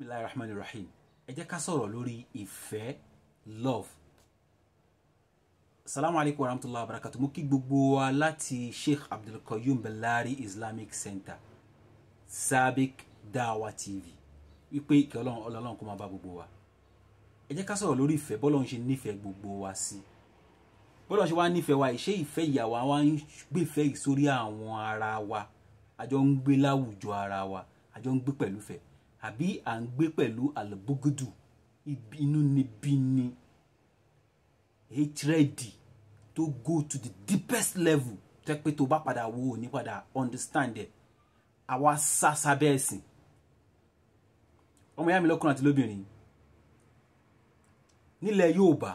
bisimilahi rahman rahim ẹ jẹ́ ká sọ̀rọ̀ lórí ìfẹ́ love salamu alaykum wa rahmatulahi wa barakatu mo kí gbogbo wa láti sheikh abdulqayum bellari islamic center sabic dawa tv wípé ìkẹ́ ọlọ́run ọlọ́run kó máa bá gbogbo wa ẹ jẹ́ ká sọ̀rọ̀ lórí ìfẹ́ bọ́lọ́run ṣe nífẹ̀ẹ́ gbogbo wa sí bọ́lọ́run ṣe wá nífẹ̀ẹ́ wa ìṣe ìfẹ́ ìyàwó wa ń gbèfẹ́ ìsórí àwọn ara wa àjọ ń gbé láwùjọ ara wa àjọ ń gbé pẹ̀lú fẹ́ẹ́ àbí à ń gbé pẹ̀lú àlùbúgùdù inú níbí ni hatred to go to the deepest level tẹ́ pé tó bá padà wo ò ní padà understand ẹ̀ àwa sásá bẹ́ẹ̀ sìn ọmọ ìyá mi lọ́kùnrin àti lóbìnrin nílẹ̀ Yorùbá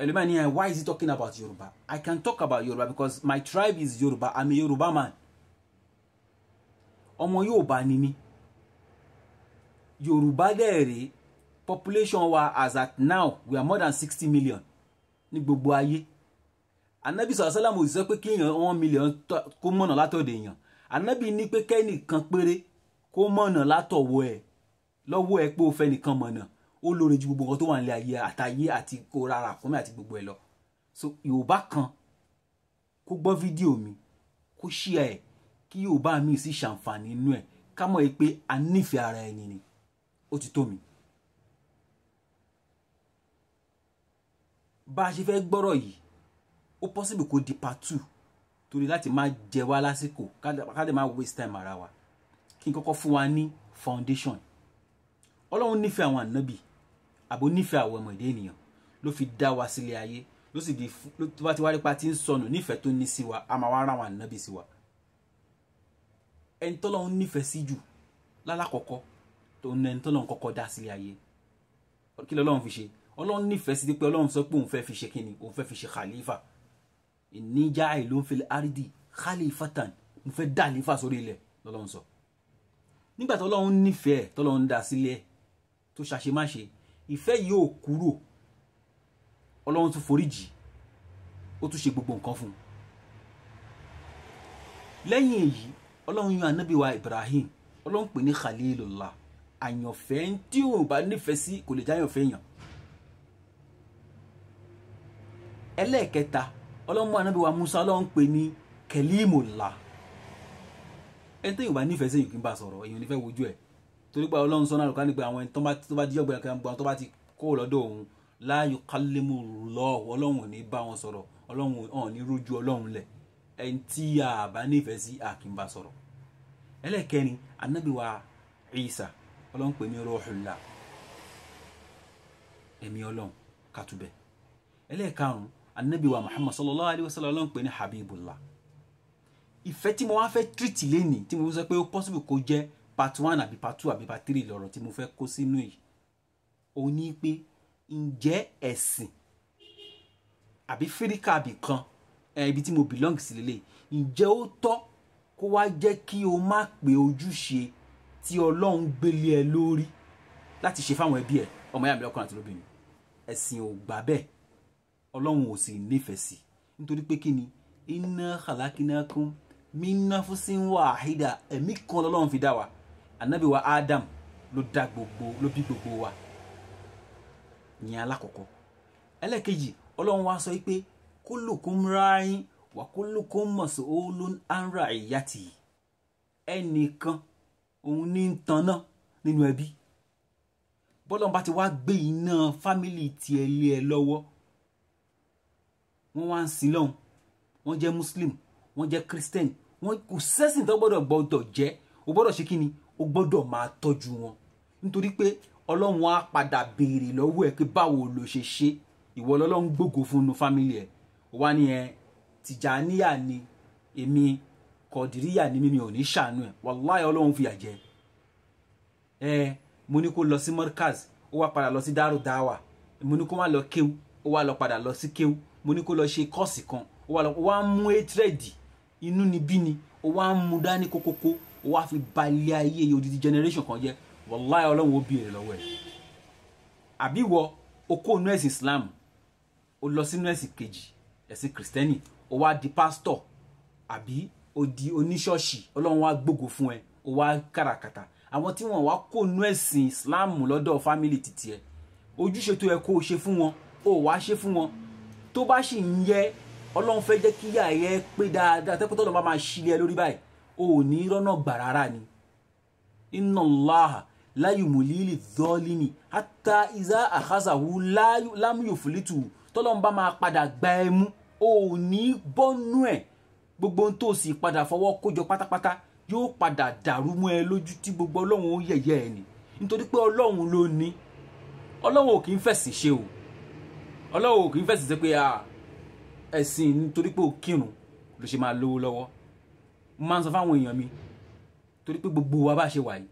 ẹlòmíràn ni why is he talking about Yorùbá I can talk about Yorùbá because my tribe is Yorùbá I'm a Yorùbá man ọmọ Yorùbá ni mí yorùbá dẹ̀ rèé population wa as at now we are more than sixty million ní gbogbo ayé anabi sàlámù sọ pé kí èèyàn one million kó mọ̀nà látọ̀dọ̀ èèyàn anabi ní pé kẹ́nìkan péré kó mọ̀nà látọ̀wọ́ ẹ̀ lọ́wọ́ ẹ pé o fẹ́ nìkan mọ̀nà ó lóore ju gbogbo nǹkan tó wà nílé ayé àtàyé àti kó rárá kọ́mí àti gbogbo ẹ̀ lọ so yorùbá kan kó gbọ́ fídíò mi kó ṣí ẹ̀ kí yorùbá mi sì ṣàǹfààní inú ẹ̀ ká mọ̀ pé a nífẹ̀ẹ́ ara ẹni ni ó ti tó mi. bá a ṣe fẹ́ gbọ́rọ̀ yìí ó possible kó di part two torí láti má jẹ wá lásìkò ká lè má waste time ara wa kí n kọ́kọ́ fún wa ní foundation ọlọ́run nífẹ̀ẹ́ àwọn ànábì àbò nífẹ̀ẹ́ àwọn ọmọ èdè ènìyàn ló fi dá wa sílé ayé ló sì di tó bá ti wá nípa tí ń sọnù nífẹ̀ẹ́ tó ní sí wa a máa wá ra àwọn ànábì sí wa ẹni tọ́lọ́run nífẹ̀ẹ́ sí jù lálàkọ́kọ́ òun ẹni tọ́lọ́run kọ́kọ́ dá sílé ayé kí lọ́lọ́run fi ṣe ọlọ́run nífẹ̀ẹ́ sí pé ọlọ́run sọ pé òun fẹ́ fi ṣe kíni òun fẹ́ fi ṣe khalifa ìníjà ìlú ń fi àrídì khalifatan mo fẹ́ dá àlífà sórí ilẹ̀ lọ́lọ́run sọ nígbà tọ́lọ́run nífẹ̀ẹ́ tọ́lọ́run dá sílé tó ṣàṣemáṣe ìfẹ́ yìí ò kúrò ọlọ́run tún foríjì ó tún ṣe gbogbo nǹkan fún un lẹ́yìn èyí ọlọ́run yan anábìwa Ibrahim ọlọ́run pè ní Khalilullah àyànfẹ́ tí òun bá nífẹ̀ẹ́ sí kò lè jẹ́ àyànfẹ́ èèyàn ẹlẹ́ẹ̀kẹta ọlọ́mọ anábì wa Musa ọlọ́run pè ní kẹlímùlá ẹni tó yorùbá nífẹ̀ẹ́ sí ìkínbà sọ̀rọ̀ èèyàn nífẹ̀ẹ́ wojú ẹ̀ torí pé ọlọ́run sọ́nà àlùkò nígbà àwọn tó bá díjọ́ gbẹ̀rẹ̀ kan tó bá ti kó lọ́dọ̀ òun láàyò kálímù lọ ọlọ́run ò ní bá wọn sọ̀rọ̀ ọlọ́run ò ní rójú ọlọ́run lẹ̀ ẹni tí a bá nífẹ̀ẹ́ sí àkínbà sọ̀rọ̀ ẹlẹ́ẹ̀kẹrin anábì wa Isa ọlọ́run pè mí rọ́ọ̀hùlà ẹ̀mí ọlọ́run kàtúbẹ̀ ẹlẹ́ẹ̀karùn-ún anabi wa muhammad sallallahu alayhi wa sallam ọlọ́run pè ní habibullah ìfẹ́ tí mo wá fẹ́ tírìtì lẹ́nìí tí mo sọ pé ó possible kó jẹ́ part one àbí part two àbí part three lọ́rọ̀ tí mo fẹ́ kó sínú yìí ó ní pé ǹjẹ́ ẹ̀sìn àbí fíríkà àbí kan ibi tí mo belong sí lélẹ̀ ǹjẹ́ ó tọ́ kó wá jẹ́ kí o má pe ojúṣe tí ọlọ́run gbélé ẹ lórí láti ṣe fáwọn ẹbí ẹ ọmọ ìyá mi lọ́kùnrin àti lóbìnrin ẹ̀sìn ò gbà bẹ́ẹ̀ ọlọ́run ò sì nífẹ̀ẹ́ sí nítorí pé kí ni inna khalaqnakum min nafsin wahida ẹ̀mí kan lọ́lọ́run fi dá wa ànábì wa Adam ló dá gbogbo ló bí gbogbo wa ìyẹn alákọ̀ọ́kọ́ ẹlẹ́ẹ̀kejì ọlọ́run wa sọ pé kullukum ra'in wa kullukum mas'ulun an ra'iyati ẹnìkan òun ní ń tanná nínú ẹbí bọ́lọ́n bá ti wá gbé iná fámìlì tiẹ̀ lé ẹ lọ́wọ́ wọ́n wá ń sin lọ́hùn wọ́n jẹ́ muslim wọ́n jẹ́ christian wọ́n kò sẹ́sìn tó gbọ́dọ̀ gbọ́dọ̀ jẹ́ o gbọ́dọ̀ ṣe kí ni o gbọ́dọ̀ máa tọ́jú wọn nítorí pé ọlọ́run á padà béèrè lọ́wọ́ ẹ pé báwo lo ṣe ṣe ìwọ lọ́lọ́run gbògo fún un fámìlì ẹ o wá ní ẹ tìjàníyà ni èmi kọ̀dìríyà ni mímí ò ní ṣàánú ẹ̀ wàláyé ọlọ́run fìyà jẹ ẹ mo ní kó lọ sí mọ́rkàz ó wá padà lọ sí dárò dáwà mo ní kó má lọ kéwú ó wá lọ padà lọ sí kéwú mo ní kó lọ ṣe kọ́ọ̀sì kan ó wá lọ ó wá mú étrèdì inú ni bí ni ó wá mú dání kókókó ó wá fi balẹ̀ ayé odidi generation kan jẹ́ wàláyé ọlọ́run ó bí èrè lọ́wọ́ ẹ̀ àbí wọ okó inú Islam ó lọ sínú ẹ̀sìn kejì ẹ̀sìn kìrìsìtẹ́nì ó wá di pásítọ̀ àbí ó di oníṣọ́ọ̀ṣì ọlọ́run wá gbògo fún ẹ ó wá kàràkàtà àwọn tí wọ́n wá kó nú ẹ̀sìn islam lọ́dọ̀ fámìlì títí ẹ ojúṣe tó yẹ kó o ṣe fún wọn ó wá ṣe fún wọn tó bá sì ń yẹ ọlọ́run fẹ́ jẹ́ kíyà yẹ pé dáadáa tẹ́pọ́tọ́ lọ́ba máa ṣílẹ̀ ẹ lórí báyìí o ò ní rọ́nà gbà rárá ni inna Allaha láyùmùlílì zọ́ọ̀lìmì hatta iza àkásàwù lámùyòfòlítù tọ́lọ́mbà máa padà gba ẹ mú o ò ní bọ́nú ẹ̀ gbogbo ohun tó sì padà fọwọ́ kójọ pátápátá yóò padà dàrú mọ́ ẹ lójú tí gbogbo ọlọ́run ó yẹ̀yẹ́ ẹ nì nítorí pé ọlọ́run ló ní ọlọ́run ò kì í fẹ̀sìn ṣe o ọlọ́run ò kì í fẹ̀sìn ṣe pé ẹ̀sìn nítorí pé o kírun ló ṣe máa lówó lọ́wọ́ mo máa ń sọ fáwọn èèyàn mi torí pé gbogbo wa bá ṣe wà yìí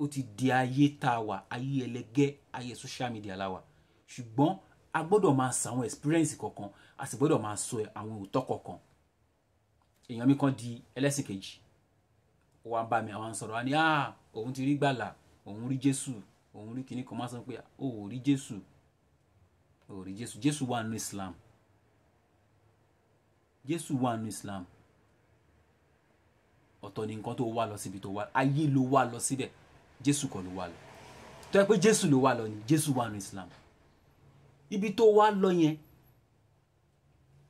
ó ti di ayé tá a wà ayé ẹlẹgẹ́ ayé social media la wà ṣùgbọ́n a gbọ́dọ̀ máa sàwọn experience kọ̀ọ̀kan a sì gbọ́dọ̀ máa sọ àwọn òótọ́ kọ̀ọ̀kan èèyàn mi kan di ẹlẹ́sìn kejì ó wá ń bá mi àwọn sọ̀rọ̀ wa ni ah òun ti rí gbàlà òun rí jésù òun rí kinní kan máa sọ pé ó ò rí jésù ó rí jésù jésù wà nínú islam jésù wà nínú islam ọ̀tọ̀ ni nǹkan tó wà lọ síbi tó wà ayé ló wà lọ síbẹ̀ jésù kọ́ ló wà lọ tó yẹ pé jésù ló wà lọ ni jésù wà nínú islam ibi tó wà lọ yẹn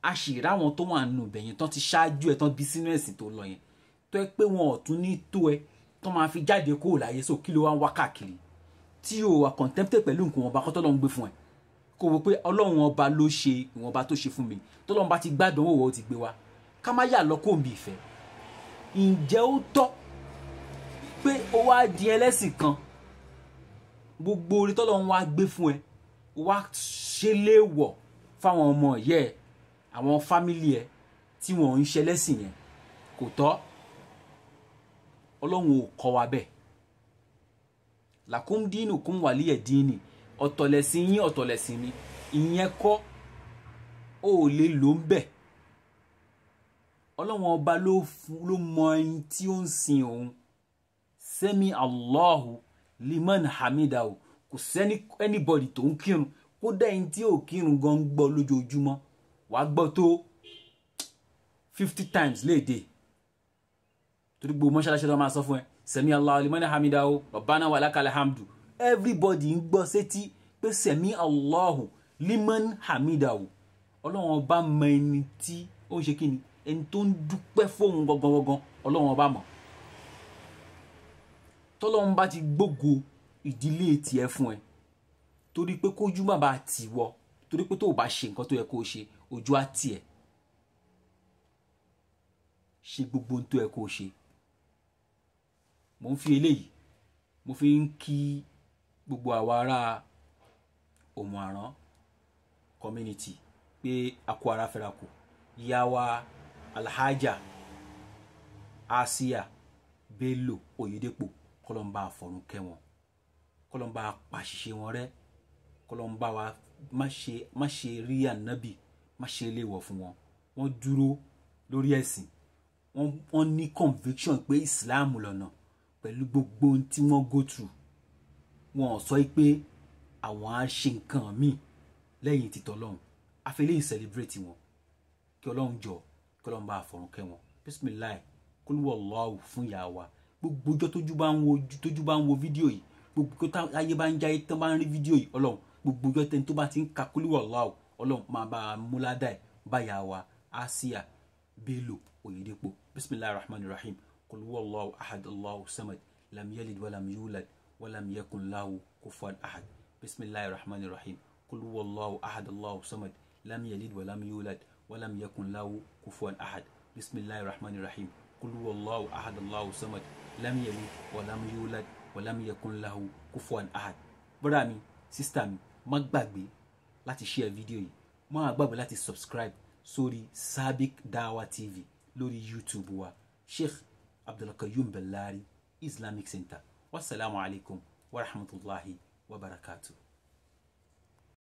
a sì ráwọn tó wà nù bẹ̀yẹn tán ti ṣáájú ẹ̀ tán bí sínú ẹ̀sìn tó lọ yẹn tó ẹ pé wọn ò tún ní tó ẹ tán máa fi jáde kúrò láyé so kí ló wá ń wá káàkiri tí o wà contempt pẹ̀lú nǹkan ọba kọ́ tọ́lọ́run gbé fún ẹ kó wo pé ọlọ́run ọba ló ṣe ìwọ̀nba tó ṣe fún mi tọ́lọ́run bá ti gbádùn owó ti gbé wa ká má yà lọ kó mi ìfẹ́ ǹjẹ́ ó tọ́ pé o wá di ẹlẹ́sìn kan gbogbo orí tọ́lọ́run wá gbé fún ẹ wá ṣe léèwọ̀ fáwọn ọmọ yẹ́ àwọn fámìlì ẹ tí wọn ò ń ṣe lẹ́sìn yẹn kò tọ́ ọlọ́run ò kọ́ wa bẹ́ẹ̀ làkúm dínú kún wàlíyẹ̀ dínì ọ̀tọ̀lẹ̀sìn yín ọ̀tọ̀lẹ̀sìn mi ìyẹn kọ́ ó lè lò ń bẹ̀ ọlọ́run ọba ló mọ ẹni tí ó ń sin òun sẹ́mi allahu liman hamidahu kò sẹ́ni anybody tó ń kírun kódà ẹni tí ò kírun gan gbọ́ lójoojúmọ́ wàá gbọ́ tó fifty times léde torí gbogbo mọ́ṣáláṣí ló máa sọ fún ẹ sẹ̀mí Allahu liman hamidahu rabbana wa lakal hamdu everybody ń gbọ́ sétí pé sẹ̀mí Allahu liman hamidahu ọlọ́run ọba mọ ẹni tí ó ń ṣe kí ni ẹni tó ń dúpẹ́ fóun gangan gangan ọlọ́run ọba mọ̀ tọ́lọ́run bá ti gbógo ìdílé tiẹ̀ fún ẹ torí pé kójú má bàa torí pé tó o bá ṣe nǹkan tó yẹ kó o ṣe ojú á tì ẹ́ ṣe gbogbo ohun tó yẹ kó o ṣe mo ń fi eléyìí mo fi ń kí gbogbo àwa ará Òmùàrán community pé àkó ara fẹ́ra kù ìyá alhaja asia bello oyedepo kọlọmba àfọrùn kẹwọn kọlọmba apàṣìṣe wọn rẹ kọlọmba wa má ṣe má ṣe rí ànábì má ṣe léèwọ̀ fún wọn wọ́n dúró lórí ẹ̀sìn wọ́n ní conviction pé Islam lọ́nà pẹ̀lú gbogbo ohun tí wọ́n go through wọn ò sọ pé àwọn á ṣe nǹkan míì lẹ́yìn títọ́ ọlọ́run àfẹlẹ́yìn celebrate wọn kí ọlọ́run jọ kí ọlọ́run bá fọ̀run kẹ́ wọn bisimilayi kólúwọ̀ lọ́wọ́ fún ìyá wa gbogbo ọjọ́ tójú bá ń wo tójú bá ń wo fídíò yìí gbogbo ayé bá ń jáyé tán bá ń rí fídíò yìí ọlọ́run gbogbo ọjọ́ tẹ́ni tó bá ti ń ka kólúwọ̀ lọ́wọ́ ọlọ́run máa bá a mú ládàá ẹ̀ báyà wa Asiya Bello Oyedepo bisimilahi rahman rahim kul huwa Allahu ahad Allahu samad lam yalid walam yulad walam yakun lahu kufuwan ahad bisimilahi rahman rahim kul huwa Allahu ahad Allahu samad lam yalid walam yulad walam yakun lahu kufuwan ahad bisimilahi rahman rahim kul huwa Allahu ahad Allahu samad lam yalid walam yulad walam yakun lahu kufuwan ahad. bọ́dà mi sísítà mi má gbàgbé láti share fídíò yìí má gbàgbé láti subscribe sórí Sabic Dawa TV lórí YouTube wa Sheikh Abdulqayum Bellary Islamic Center wasalaamualeykum wa rahmatulahi wa barakatuh.